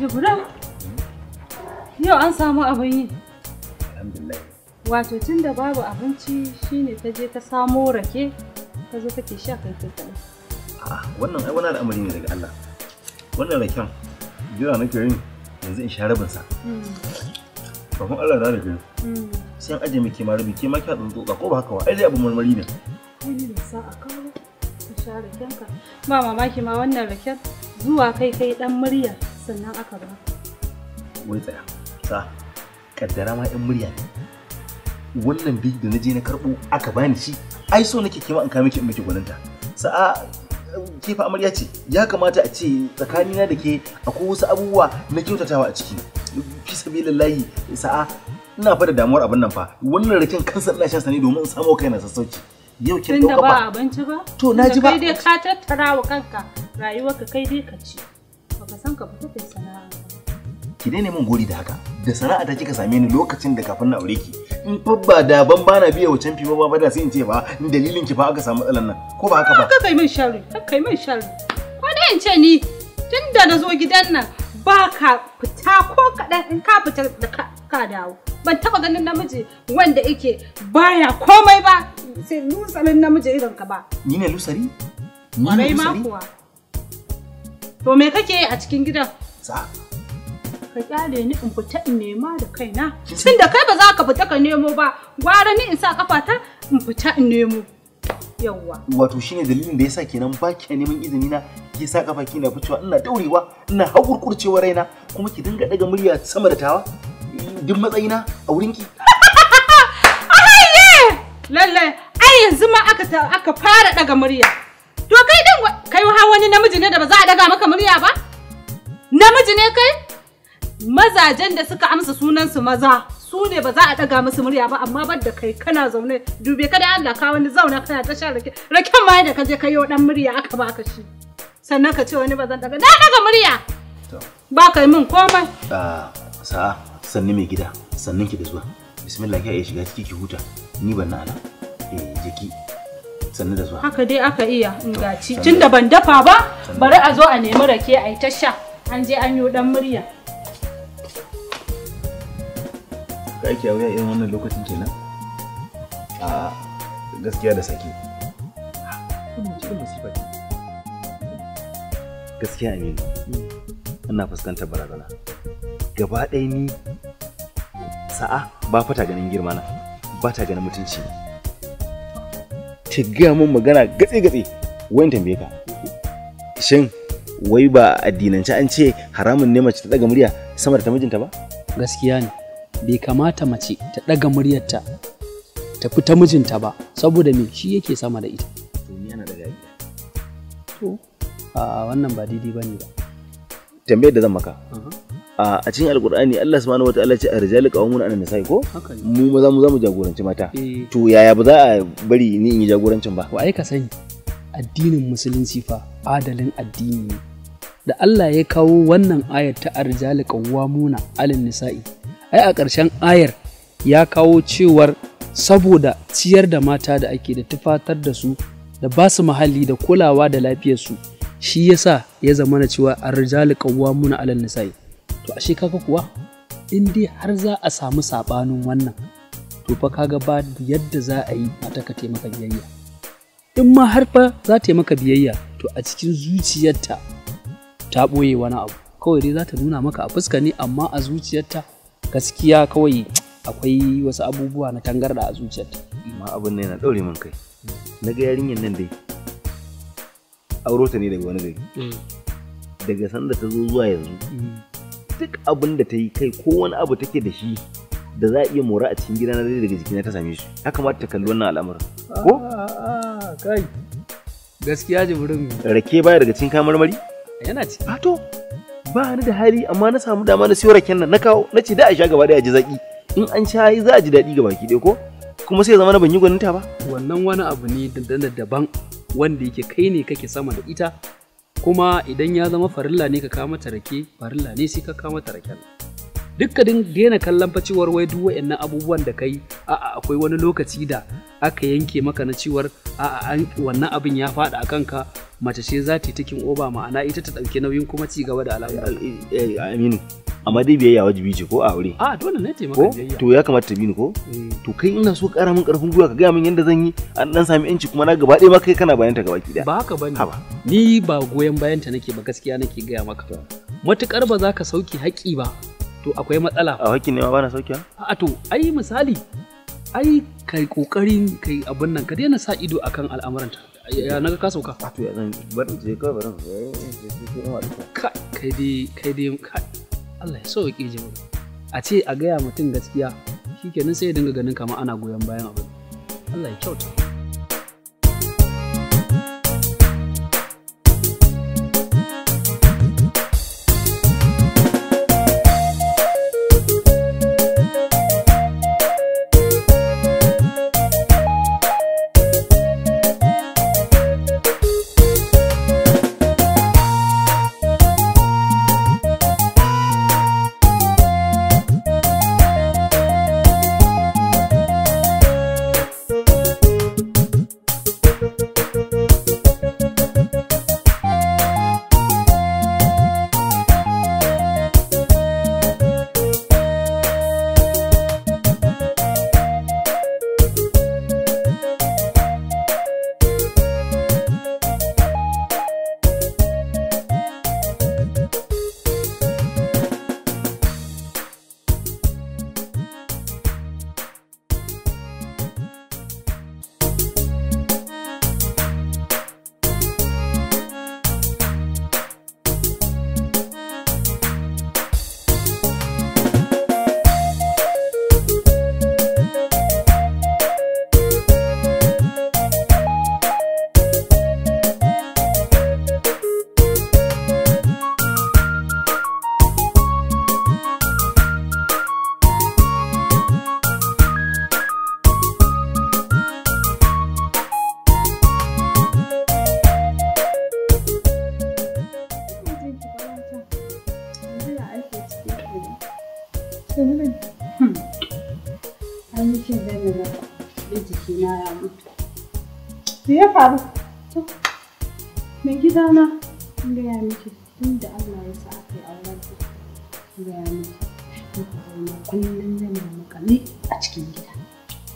Jibran, yau an samu abin yi. Alhamdulillah. Wato tun da babu abinci shine ta je ta samo rake ta zo take sha kai kai kaɗai. A'a ah, wannan ai wani al'amari ne daga Allah. Wannan raken jira nake yin yanzu in sha rabin sa. Hmm. Kafin Allah da rabe. Hmm. Sai an aje miki ma rabi ke ma kya tsotsa ko ba haka ba ai zai abin marmari ne. Ai ne a kawo. Ka sha rakenka. Ba mamaki ma wannan raken zuwa kai kai dan murya sannan aka ba wai tsaya sa kaddara ma yan murya ne wannan bi da naje na karɓo aka bani shi ai so nake kima in kame miki in miki gwaninta sa'a ke fa amarya ce ya kamata a ce tsakanina da ke akwai wasu abubuwa na kyautatawa a ciki fi sabilillahi sa'a ina fa da damuwar abin nan fa wannan rakin kansa ina shan sani domin in samu kaina sassauci yau kin da ba abinci ba to naji ba kai dai ka tattara wa kanka rayuwarka kai dai ka ci baka san ka sana'a ki daina min gori da haka da sana'a ta kika same ni lokacin da kafin na aure ki in fa ba da ban bana biya wacan canfi ba ba da sai in ce ba in dalilin ki fa aka samu matsalan nan ko ba haka ba ka kai min sharri ka kai min sharri ko da in ce ni tunda na zo gidan nan ba ka fita ko kaɗan in ka fita da ka dawo ban taba ganin namiji wanda yake baya komai ba sai lusarin namiji irin ka ba ni ne lusari ni ne lusari To me kake yi a cikin gidan? Za. Ka kyale ni in fita in nema da kaina. Tun da kai ba za ka fita ka nemo ba, gwara ni in sa kafata in fita in nemo. Yawwa. Wato shine dalilin da yasa kenan ba ki neman izini na ki sa kafa kina ficewa ina daurewa ina hakurkurcewa raina kuma ki dinga daga murya sama da tawa duk matsayina a wurinki. Lallai, ai yanzu ma aka fara daga murya. kai wa kai ha wani namiji ne da ba za a daga maka murya ba? Namiji ne kai? Mazajen da suka amsa sunan su maza su ne ba za a daga musu murya ba amma bar da kai kana zaune dube ka da Allah ka wani zauna kana ta shan rake ma da ka je kai dan murya aka baka shi sannan ka ce wani ba zan daga na daga murya ba kai min komai sa'a sannin mai gida sannin ki da zuwa bismillah ki ya shiga ciki ki huta ni ban na ala eh jiki sannu da zuwa haka dai aka iya ingaci da ban dafa ba bari a zo a nemi rake a yi ta sha an je an yi dan murya ka aiki a wuya irin wannan lokacin kenan a gaskiya da sake gaskiya ne ina fuskantar barazana gaba ɗaya ni sa'a ba fata ganin girma na ba ta ganin mutunci kake gaya mun magana gatsi gatsi wayan tambaye ka shin wai ba addinance an ce haramun ne mace ta daga murya sama da ta mijinta ba gaskiya ne bai kamata mace ta daga muryarta ta fi ta mijinta ba saboda me shi yake sama da ita to a wannan ba daidai bane ba tambayar da zan maka a cikin alkur'ani Allah subhanahu ta'ala ce arjalu qawmun anan nisa'i ko mu maza mu za mu jagoranci mata eh. to yaya ba za a bari ni in yi jagorancin ba wa ai ka sani addinin musulunci fa adalin addini ne da Allah ya kawo wannan ayar ta arjalu qawwamuna alin nisa'i ai a ƙarshen ayar ya kawo cewar saboda ciyar da mata da ake da tufatar da su da ba su muhalli da kulawa da lafiyarsu shi yasa ya zama na cewa arjalu qawwamuna alal nisa'i to ashe kaga kuwa in dai har za a samu saɓanin wannan to fa kaga ba yadda za a yi mata ka taimaka biyayya in ma har fa za ta maka biyayya to a cikin zuciyarta ta ɓoye wani abu kawai dai za ta nuna maka a fuska ne amma a zuciyarta gaskiya kawai akwai wasu abubuwa na tangarda a zuciyarta ma abin nan yana ɗaure min kai na ga yarinyar nan dai auro ta ne daga wani gari mm. daga sanda ta zo zuwa yanzu mm. duk abin da ta yi kai ko wani abu take da shi da za a iya mora a cikin gidana dai daga jikina ta same shi ya kamata ta kalli wannan al'amarin ko ah, ah, ah, kai gaskiya burin rake baya daga cikin kayan marmari yana ci. a to ba ni da hali amma na samu dama na siyo raken nan na kawo na ce da a sha gaba da ji zaki in an sha za a ji daɗi ga baki ɗaya ko kuma sai zama na ban yi gwaninta ba wannan wani abu ne daban wanda yake kai ne kake sama da ita kuma idan ya zama farilla ne ka kama mata rake farilla ne sai ka kama mata rake. dukka din daina kallon facewar wai duk wa'annan abubuwan da kai a'a akwai wani lokaci da aka yanke maka na cewar a'a an wannan abin ya faɗa a kanka mace ce za ta yi takin oba ma'ana ita ta ɗauki nauyin kuma ci gaba da al'amuran. Eh, eh, Aminu. amma dai biyayya wajibi ce ko a aure a dole ne taimaka biyayya to ya kamata bi ni ko to kai ina so ƙara min ƙarfin gwiwa ka gaya min yadda zan yi an dan sami yanci kuma na gaba ɗaya ma kai kana bayanta ta gaba ki da ba haka bane ni ba goyon bayan ta nake ba gaskiya nake gaya maka matukar ba za ka sauki haƙi ba to akwai matsala a haƙi ne ma ba na sauki a to ai misali ai kai kokarin kai abin nan ka daina sa ido akan ta ya naga ka sauka a to ya zan bar je ka bar kai dai kai dai Allah ya so ya sauke mu a ce a gaya mutum gaskiya shikenan sai ya dinga ganin kamar ana goyon bayan abin Allah ya kyauta Me ya faru? Mai gida na. in gaya miki tun da Allah ya sa aka yi auren ku in gaya miki muka zauna kullum yana makale a cikin gida.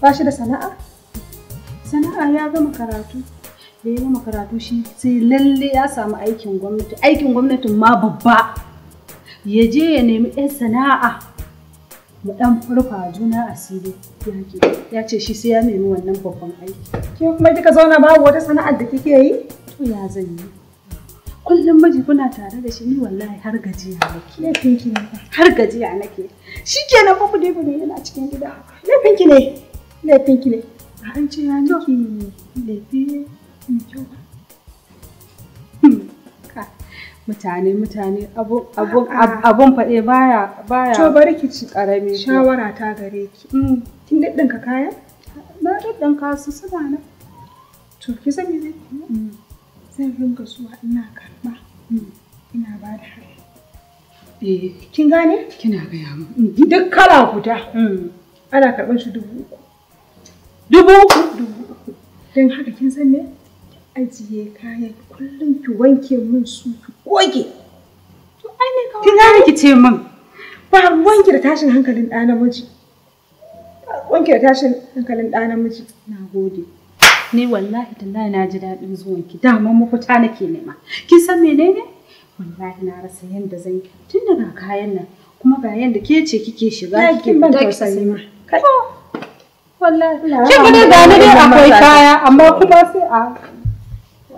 Ba shi da sana'a? Sana'a ya gama karatu. Da ya gama karatu shi sai lalle ya samu aikin gwamnati. Aikin gwamnatin ma babba. Ya je ya nemi 'yan sana'a mu dan rufa juna asiri yake ya ce shi sai ya nemi wannan babban aiki ke kuma kika zauna babu wata sana'ar da kike yi to ya zan yi kullum miji kuna tare da shi ni wallahi har gajiya nake laifinki ne har gajiya nake shikenan fa kudi ne yana cikin gida laifinki ne laifinki ne ba an ce ya nake ne mai kyau mutane mutane abun faɗe baya baya to bari ki ci karami shawara ta gare ki mm. kin ka kaya na ka su suna na to ki san me zai zan mm. rinka zuwa ina karɓa mm. ina ba da haya eh. kin gane kina gaya mu duk kala guda ana karɓar shi dubu uku dubu uku dubu uku don haka kin san me ajiye kayan kullum ki wanke min su ki goge. To ai ne kawai. Kin gane ki ce min ba wanke da tashin hankalin ɗa namiji. Wanke da tashin hankalin ɗa namiji. Na gode. Ni wallahi tallahi na ji daɗin zuwan ki dama mafita nake nema. Kin san menene? Wallahi na rasa yanda zan yi tun daga kayan nan kuma ga yanda ke ce kike shiga kike ban tausayi ma. Kai. Wallahi. Kin ni dai akwai kaya amma kuma sai a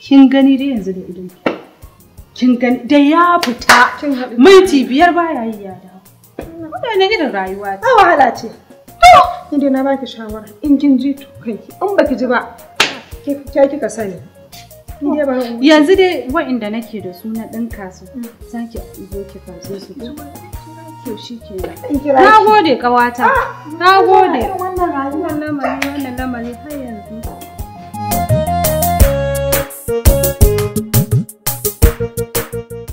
kin gani dai yanzu da idan kin gani da ya fita minti biyar baya yi ya dawo mutane irin rayuwa ta wahala ce to ni dai na baki shawara in kin ji to kai in baki ji ba ke kika kika sani yanzu dai wa'inda nake da su na ɗin kasu mm. za ki zo ki karɓe su mm. to na gode ƙawata ah! na gode wannan wannan lamari har yanzu